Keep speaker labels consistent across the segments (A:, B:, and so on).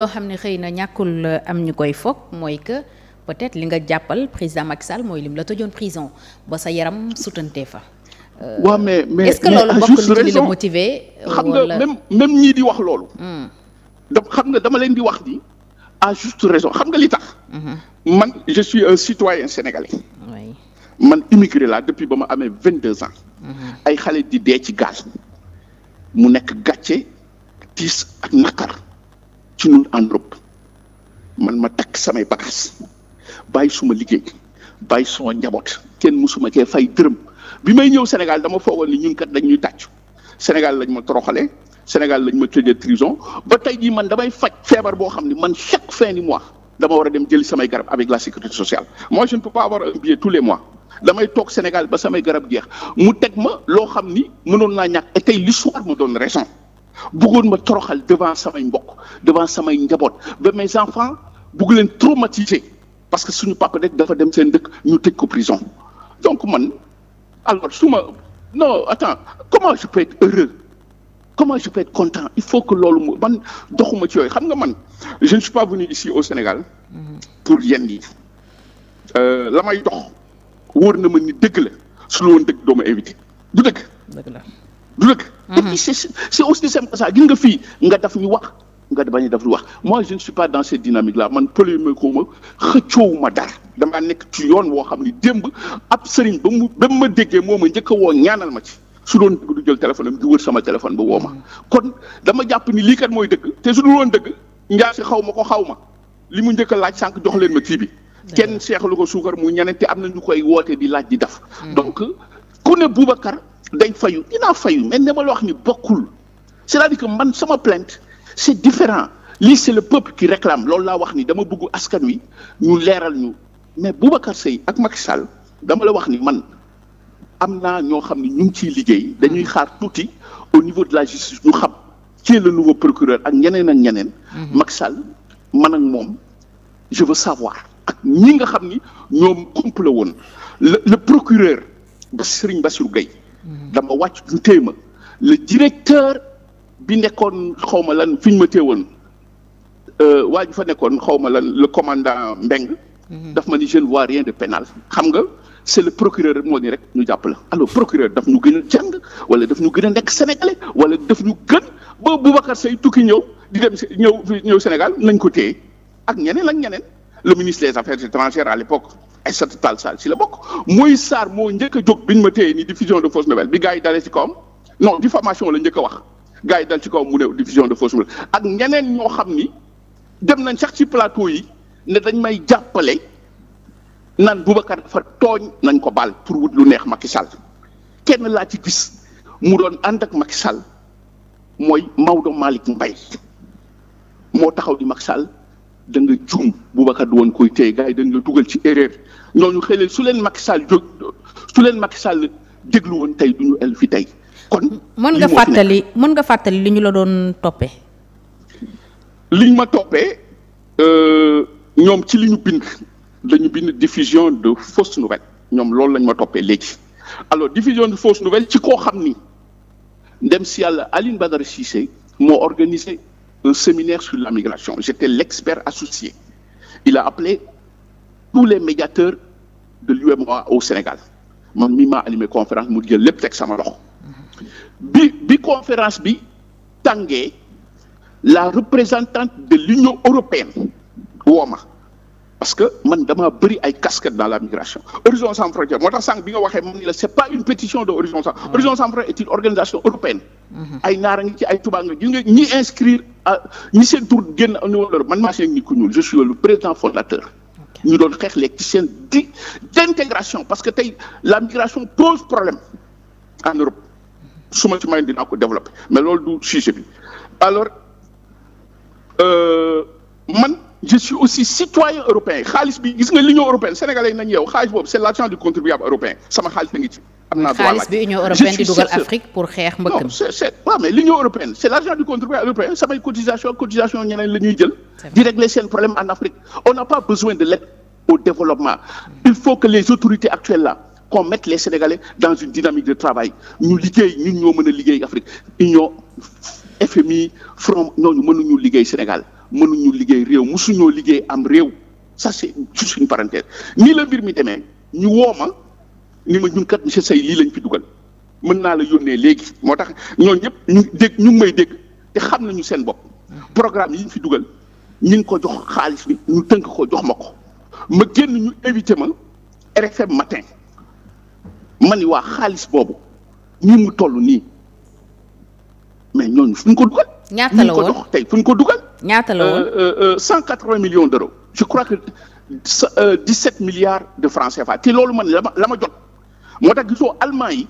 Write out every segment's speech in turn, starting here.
A: loo xam ne xëy na ñàkkul euh, am ñu koy foog mooy que peut-être li nga jàppal président Macky Sall mooy lim la tëjoon prison ba sa yaram sutante fa. waaw euh, mais mais est-ce que loolu bokk na ci li la motivé. Euh, xam nga même même ñii di wax loolu. Hmm. da xam nga dama leen di wax ni à juste raison xam nga li tax. Hmm. man je suis un citoyen sénégalais. oui man immigré la depuis ba ma amee vingt deux ans. Hmm. ay xale di dee ci gaal mu nekk gàcce tiis ak naqar. ci ñun en Europe man ma takk samay bagages bàyyi suma liggéey bàyyi suma njaboot kenn musuma kee fay dërëm bi may ñëw Sénégal dama foogoon ni ñun kat dañ ñuy tàcc Sénégal lañ ma toroxalee Sénégal lañ ma tëjee prison ba tey jii man damay faj feebar boo xam ni man chaque fin du mois dama war a dem jëli samay garab avec la sécurité sociale moi je ne peux pas avoir un billet tous les mois damay toog Sénégal ba samay garab geex mu teg ma loo xam ni mënoon naa ñàkk et tey l'histoire ma doon raison. bëggoon ma toroxal devant samay mbokk devant samay njaboot ba mes enfants bugg leen traumatiser parce que suñu papa rek dafa dem seen dëkk ñu teg ko prison donc man alors su ma non attends comment je peux être heureux comment je peux être content il faut que loolu mu man doxuma ci yooyu xam nga man je ne suis pas venu ici au Sénégal pour yenn yi euh, la may dox wóor na ma ni dëgg la su la woon dëgg doo ma invité du dëgg. du dëkk. Mhm. et puis c' est c' est aussi simple que ça nga fii nga daf ñu wax nga bañ a daf ñu wax mois je ne suis pas dans cette dynamique là man polémique ma xëccoowu ma dara nekk ci yoon woo xam ni démb ab sëriñ ba mu ba ma déggee moom ma njëkk a woo ñaanal ma ci. su doon du jël téléphone am di wër sama téléphone ba woo ma mhm. kon dama jàpp ni lii kat mooy dëgg te su dul woon dëgg njaar si xaw ma ko xaw ma li mu njëkk laaj sànq jox leen ma kii bi. kenn seexlu ko suukar mu ñeneen te am na ñu koy woote di laaj di def. Mhm. donc ku ne Boubacar day fayu dinaa fayu mais ne ma la wax ni bokkul c'est-à-dire que man sama plainte c'est différent lii c'est le peuple qui réclame loolu laa wax ni dama bëgg askan wi ñu leeral ñu mais Boubacar Seye ak mag Sall dama la wax ni man am naa ñoo xam ne ñu ngi ciy liggéey dañuy xaar tuuti au niveau de la justice ñu xam qui est le nouveau procureur ak ñeneen ak ñeneen. Mhm. Macky Sall man ak moom je veux savoir ak ñi nga xam ni ñoom kump woon le le procureur ba Serigne Bassirou dama wàcc ñu téye ma le directeur bi nekkoon xaw ma lan fi ñu ma téewoon euh, waa ji fa nekkoon xaw ma lan le commandant Mbeng mhm. daf ma ni je ne vois rien de pénal xam nga c'est le procureur moo ni rek ñu jàpp la alors procureur daf ñu gën jàng wala daf ñu gën a nekk sénégalais wala daf ñu gën ba Boubacar Seye tukki ñëw di dem ñëw ñëw Sénégal nañ ko téye ak ñeneen ak ñeneen le ministre des affaires étrangères à l'époque Aïssata Tall Sall si la bokk Moïse Sarr moo njëkk a jóg bi ñu ma téye ni diffusion de fausse nouvelle bi gars yi dalee ci kawam non diffamation la njëkk wax gars yi dal si kawam mu ne diffusion de fausse nouvelle ak neneen ñoo xam ni dem nañ sax ci plateau yi ne dañ may jàppale nan Boubacar dafa tooñ nañ ko baal pour wut lu neex Macky Sall kenn laa ci gis mu doon ànd ak Macky Sall mooy Maodo Malick Mbaye moo taxaw di Macky Sall da nga juum bu du woon koy téye gars yi dañ la dugal ci erreur ñooñu xëy na su leen Macky Sall jóg leen Macky Sall déglu woon tey du ñu el fi tey kon. mën nga fàttali mën nga fàttali li ñu la doon toppee. liñ ma toppee euh, ñoom ci li ñu bind dañu bind diffusion de fausse nouvelle ñoom loolu lañ ma toppee léegi alors diffusion de fausse nouvelle ci koo xam ni ndem si yàlla Aline Badara Cissé moo organisé. un séminaire sur la migration. J'étais l'expert associé. Il a appelé tous les médiateurs de l'UMOA au Sénégal. man mi maa animé conférence mu jël lépp teg sama loxo. bi bi conférence bi tàngee la représentante de l'Union européenne parce que man damaa bëri ay casquettes dans la migration Horizon sans frontières moo tax sànq bi nga waxee man ni la c'est pas une pétition de Horizon sans mm. sans frontières est une organisation européenne mm-hmm. ay naara ci ay tubaab nga ñu inscrire à ñi seen tur génn au niveau de man maa seen ni ku ñuul je suis le président fondateur ñu doon xeex les d'intégration parce que tey la migration pose problème en Europe mm-hmm. su ma ci may ko développer mais loolu du sujet bi alors euh, je suis aussi citoyen européen xaalis bi gis nga l'union européenne sénégalais yi nañu yow xaalis boobu c'est l'argent du contribuable européen sama xaalis na ngi ci am naa droit xaalis bi union européenne di dugal Afrique pour xeex mbëkk mi m c'est waaw mais l'union européenne c'est l'argent du contribuable européen samay cotisation cotisation ñeneen la ñuy jël di régler seen problème en Afrique on n'a pas besoin de l'aide au développement il faut que les autorités actuelles là qu'on mette les Sénégalais dans ñu mën a liggéey liggéey Sénégal mënuñu liggéey réew mu suñoo liggéey am réew ça c'est juste une parenthèse nii la mbir mi demee ñu ma ni ma ñun kat monsieur Seye lii lañ fi dugal mën naa la yónnee léegi moo tax ñooñu ñëpp ñu dégg ñu may dégg te xam nañu seen bopp programme yi fi dugal ñu ngi ko jox xaalis bi ñu tënk ko jox ma ko ma génn ñu invité ma RFM matin ma ni waa xaalis boobu ñu mu toll nii mais ñooñu fu ñu ko dugal. ñaata la woon ñu ko tey fu ñu ko dugal. ñaata la woon euh, euh, euh, cent quatre vingt millions d' je crois que dix sept milliards de francs CFA te loolu man ma la jot moo tax gisoo allemand yi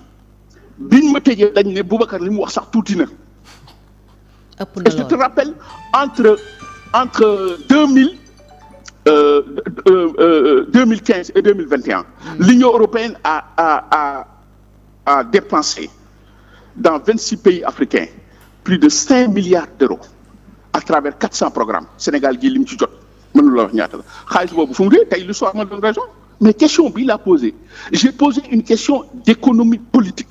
A: biñ ma tëjee dañ ne Boubacar li mu wax sax tuuti na. ëpp na entre entre deux mille deux mille quinze et deux mille vingt et un. Hmm. l'Union européenne a a a a dépensé dans vingt six pays africains plus de cinq milliards d' à travers 400 programmes Sénégal gii li mu ci jot mënu la wax ñaata la xaalis boobu fu mu tey lu soo ma doon raison mais question bii laa posé j'ai posé une question d'économie politique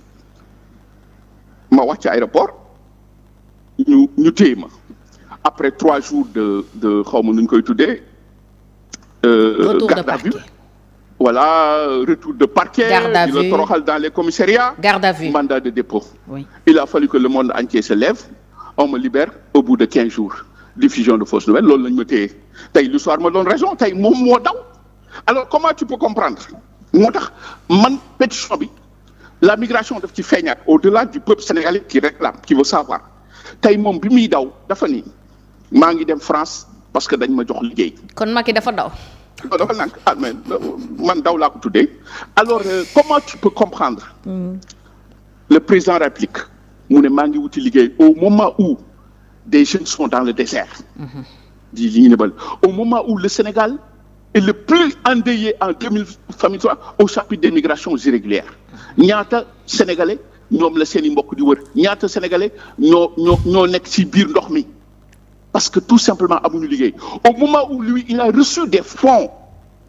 A: ma wàcc aéroport ñu ñu téye ma après trois jours de de xaw ma nu koy tuddee. Euh, garde à vue voilà retour de parquet. garde a vue di la toroxal dans les commissariats. garde à vue mandat de dépôt. oui il a fallu que le monde entier se lève. on me libère au bout de quinze jours diffusion de fausses nouvelles loolu lañ ma téye tey l'histoire ma doon raison tey moom moo daw alors comment tu peux comprendre moo tax man pétition bi la migration def ci feeñaak au-delà du peuple sénégalais qui réclame qui veut savoir tey moom bi muy daw dafa ni maa ngi dem France parce que dañ ma jox liggéey. kon Macky dafa daw. non dafa nànk ah, man daw laa ko tuddee alors euh, comment tu peux comprendre. Mm. le président réplique mu ne maa ngi wuti liggéey au moment où des jeunes sont dans le désert mm-hmm. di li ñu nebal au moment où le Sénégal est le plus endeuillé en 2023 au chapitre des migrations irrégulières mm-hmm. ñaata sénégalais ñoom la seen i mbokk di wër ñaata sénégalais ñoo ñoo ñoo nekk ci biir ndox mi parce que tout simplement amuñu liggéey au moment où lui il a reçu des fonds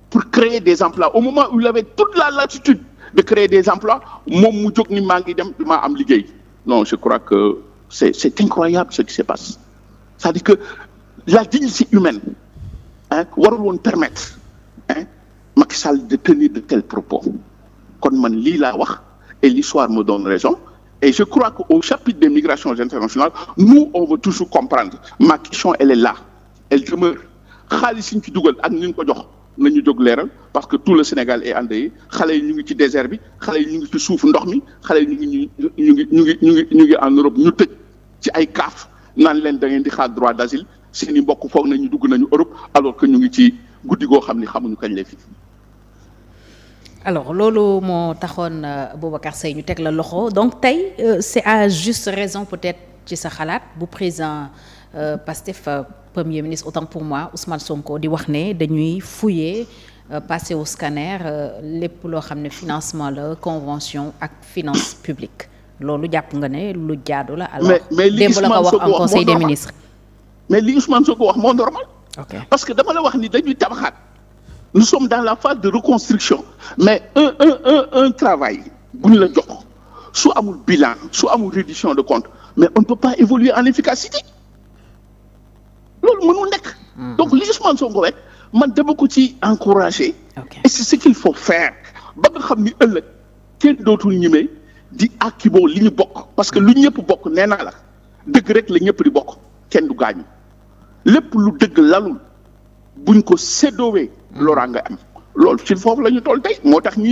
A: pour créer des emplois au moment où il avait toute la latitude de créer des emplois moom mu jóg ni maa ngi dem damaa am liggéey non je crois que c'est c'est incroyable ce qui se passe c'est-à-dire que la dignité humaine ah warul woon permettre ma Macky Sall de tenir de tels propos kon man lii laa wax et l'histoire me donne raison et je crois que au chapitre des migrations internationales nous on veut toujours comprendre ma question elle est là elle demeure xaalis yi ñu ci dugal ak ñu ko jox. na ñu jóg leeral parce que tout le Sénégal est endeuillé xale yi ñu ngi ci désert bi xale yi ñu ngi ci suufu ndox mi xale yi ñu ngi ñu ngi ñu ngi ñu ngi ñu ngi en Europe ñu tëj ci ay kaaf naan leen da ngeen di xaar droit d'asile seen i mbokk foog nañu dugg nañu Europe alors que ñu ngi ci guddi goo xam ni xamuñu kañ lay fi. alors loolu moo taxoon euh, Boubacar Seye ñu teg la loxo donc tey euh, c'est à juste raison peut-être ci sa xalaat bu président euh, fa premier ministre autant pour moi Ousmane Sonko euh, euh, loo xam ne financement la convention ak finance publique loolu jàpp nga ne lu jaadu la. alors démb la ko wax en conseil des ministres. mais li Ousmane Sonko wax moo normal. Okay. parce que dama la wax ni dañuy tabaxaat. nous sommes dans la phase de reconstruction mais un un un la jox su amul bilan su amul reddition de compte mais on ne peut pas évoluer en efficacité. loolu mënul nekk. Hmm. donc li Ousmane Sonko rek man dama ko ci encouragé. et c'est ce qu'il faut faire ba nga xam ni ëllëg kenn dootul ñemee di akimoo li ñu bokk parce que lu ñëpp bokk nee naa la dëgg rek la ñëpp di bokk kenn du gaañu lépp lu dëgg lalul buñ ko séddoowee. Hmm. loraa nga am loolu ci foofu la toll tey moo tax ñi